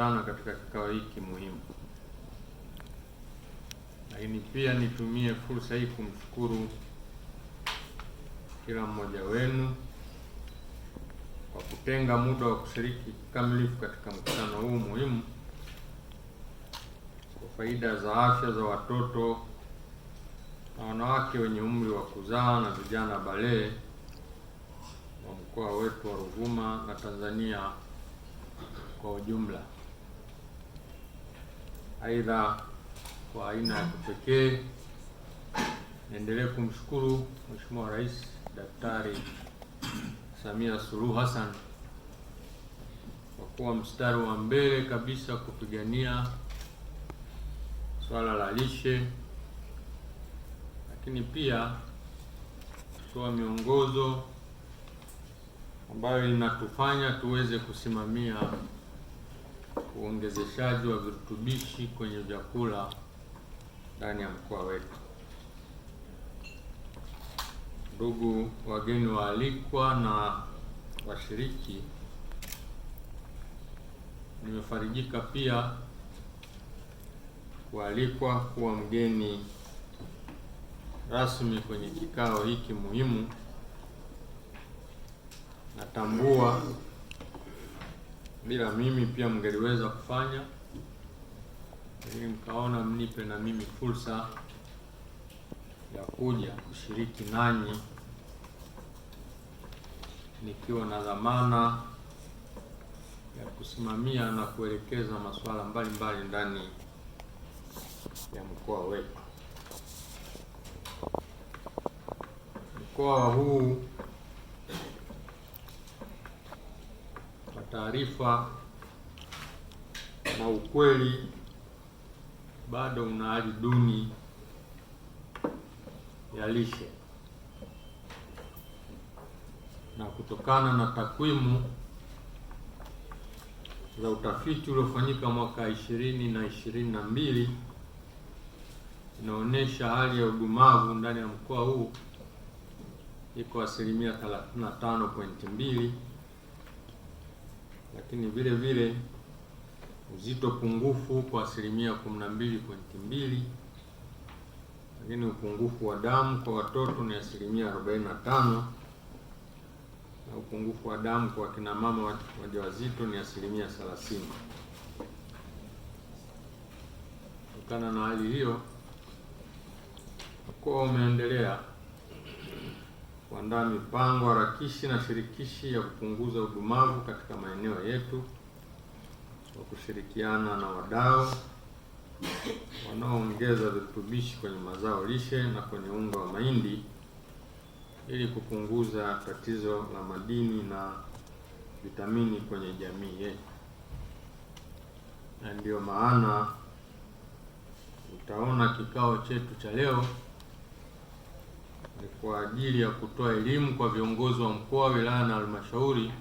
kukutana katika kikao hiki muhimu, lakini pia nitumie fursa hii kumshukuru kila mmoja wenu kwa kutenga muda wa kushiriki kikamilifu katika mkutano huu muhimu kwa faida za afya za watoto na wanawake wenye umri wa kuzaa na vijana balee wa mkoa wetu wa Ruvuma na Tanzania kwa ujumla. Aidha, kwa aina ya kipekee niendelee kumshukuru Mheshimiwa Rais Daktari Samia Suluhu Hassan kwa kuwa mstari wa mbele kabisa kupigania swala la lishe, lakini pia kutoa miongozo ambayo inatufanya tuweze kusimamia uongezeshaji wa virutubishi kwenye vyakula ndani ya mkoa wetu. Ndugu wageni waalikwa na washiriki, nimefarijika pia kualikwa kuwa mgeni rasmi kwenye kikao hiki muhimu. Natambua bila mimi pia mngeliweza kufanya, lakini mkaona mnipe na mimi fursa ya kuja kushiriki nanyi nikiwa na dhamana ya kusimamia na kuelekeza masuala mbalimbali ndani ya mkoa wetu, mkoa huu taarifa na ukweli bado una hali duni ya lishe, na kutokana na takwimu za utafiti uliofanyika mwaka ishirini na ishirini na mbili inaonyesha hali ya udumavu ndani ya mkoa huu iko asilimia 35.2 lakini vile vile uzito pungufu kwa asilimia mbili lakini upungufu wa damu kwa watoto ni asilimia 45 na upungufu wa damu kwa kina mama wajawazito ni asilimia 30. Kutokana na hali hiyo, mkoa umeendelea kuandaa mipango harakishi na shirikishi ya kupunguza udumavu katika maeneo yetu kwa kushirikiana na wadau wanaoongeza virutubishi kwenye mazao lishe na kwenye unga wa mahindi ili kupunguza tatizo la madini na vitamini kwenye jamii yetu, na ndiyo maana utaona kikao chetu cha leo kwa ajili ya kutoa elimu kwa viongozi wa mkoa, wilaya na halmashauri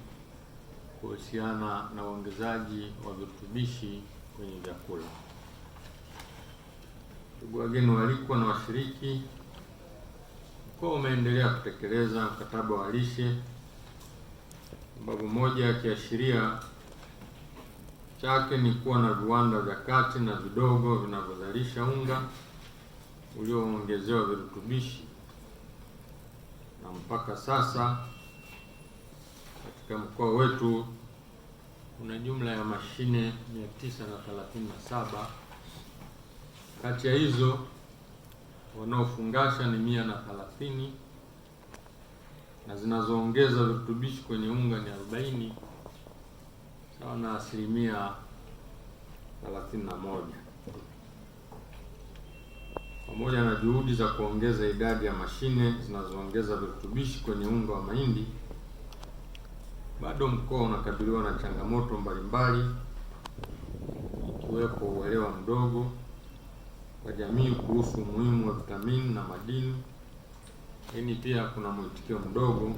kuhusiana na uongezaji wa virutubishi kwenye vyakula. Ndugu wageni waalikwa na washiriki, mkoa umeendelea kutekeleza mkataba wa lishe, ambapo moja ya kiashiria chake ni kuwa na viwanda vya kati na vidogo vinavyozalisha unga ulioongezewa virutubishi na mpaka sasa katika mkoa wetu kuna jumla ya mashine 937 kati ya hizo wanaofungasha ni mia na thelathini na zinazoongeza virutubishi kwenye unga ni arobaini sawa na asilimia thelathini na moja pamoja na juhudi za kuongeza idadi ya mashine zinazoongeza virutubishi kwenye unga wa mahindi, bado mkoa unakabiliwa na changamoto mbalimbali ikiwepo uelewa mdogo kwa jamii kuhusu umuhimu wa vitamini na madini, lakini pia kuna mwitikio mdogo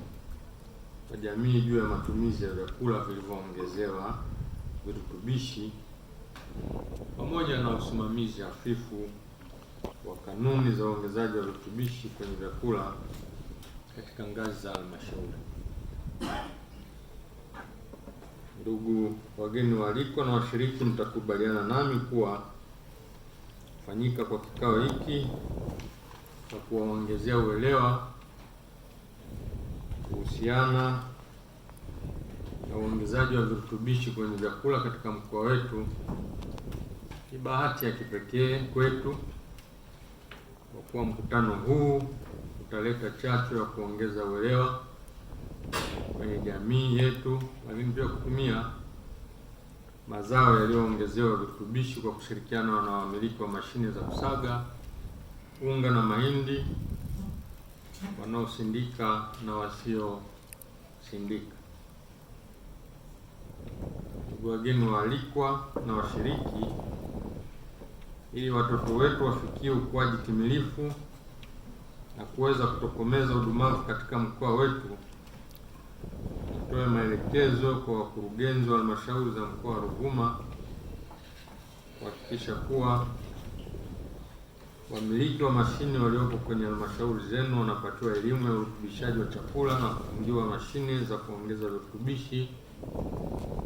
kwa jamii juu ya matumizi ya vyakula vilivyoongezewa virutubishi pamoja na usimamizi hafifu wa kanuni za uongezaji wa virutubishi kwenye vyakula katika ngazi za halmashauri. Ndugu wageni waalikwa na washiriki, mtakubaliana nami kuwa fanyika kwa kikao hiki kwa kuwaongezea uelewa kuhusiana na uongezaji wa virutubishi kwenye vyakula katika mkoa wetu ni bahati ya kipekee kwetu kuwa mkutano huu utaleta chachu ya kuongeza uelewa kwenye jamii yetu, lakini pia kutumia mazao yaliyoongezewa virutubishi kwa kushirikiana na wamiliki wa mashine za kusaga unga na mahindi, wanaosindika na wasiosindika. Ndugu wageni waalikwa na washiriki ili watoto wetu wafikie ukuaji timilifu na kuweza kutokomeza udumavu katika mkoa wetu. Nitoe maelekezo kwa wakurugenzi wa halmashauri za mkoa wa Ruvuma kuhakikisha kuwa wamiliki wa mashine waliopo kwenye halmashauri zenu wanapatiwa elimu ya urutubishaji wa chakula na kufungiwa mashine za kuongeza virutubishi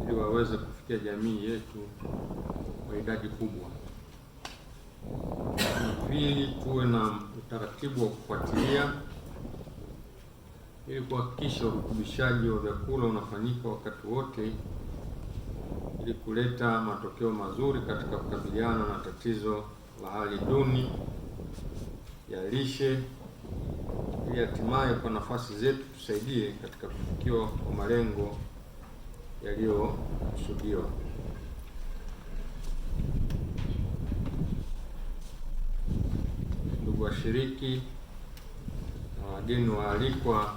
ili waweze kufikia jamii yetu kwa idadi kubwa. Pili, tuwe na utaratibu wa kufuatilia ili kuhakikisha urutubishaji wa vyakula unafanyika wakati wote ili kuleta matokeo mazuri katika kukabiliana na tatizo la hali duni ya lishe ili hatimaye kwa nafasi zetu tusaidie katika kufikiwa kwa malengo yaliyokusudiwa. washiriki na wageni waalikwa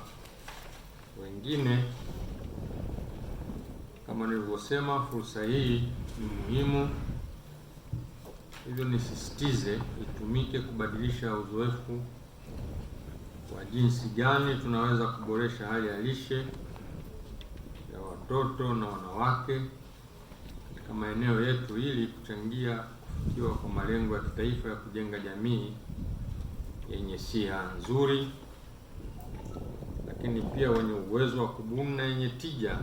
wengine, kama nilivyosema, fursa hii ni muhimu, hivyo nisisitize itumike kubadilisha uzoefu wa jinsi gani tunaweza kuboresha hali ya lishe ya watoto na wanawake katika maeneo yetu ili kuchangia kufikiwa kwa malengo ya kitaifa ya kujenga jamii yenye siha nzuri, lakini pia wenye uwezo wa kubuni na yenye tija,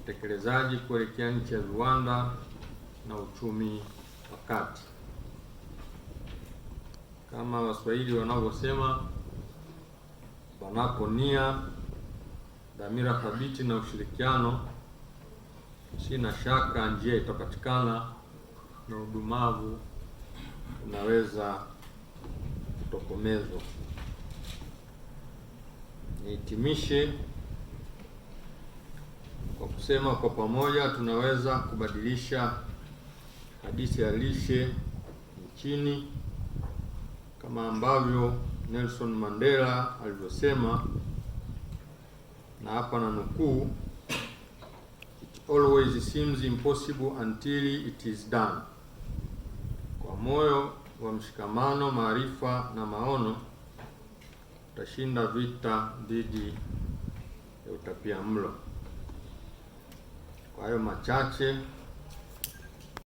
utekelezaji kuelekea nchi ya viwanda na uchumi wa kati. Kama Waswahili wanavyosema, panapo nia, dhamira thabiti na ushirikiano, sina shaka njia itapatikana na udumavu unaweza kutokomezwa. Nihitimishe kwa kusema kwa pamoja tunaweza kubadilisha hadithi ya lishe nchini kama ambavyo Nelson Mandela alivyosema, na hapa na nukuu, it always seems impossible until it is done. Kwa moyo wa mshikamano, maarifa na maono utashinda vita dhidi ya utapia mlo. Kwa hayo machache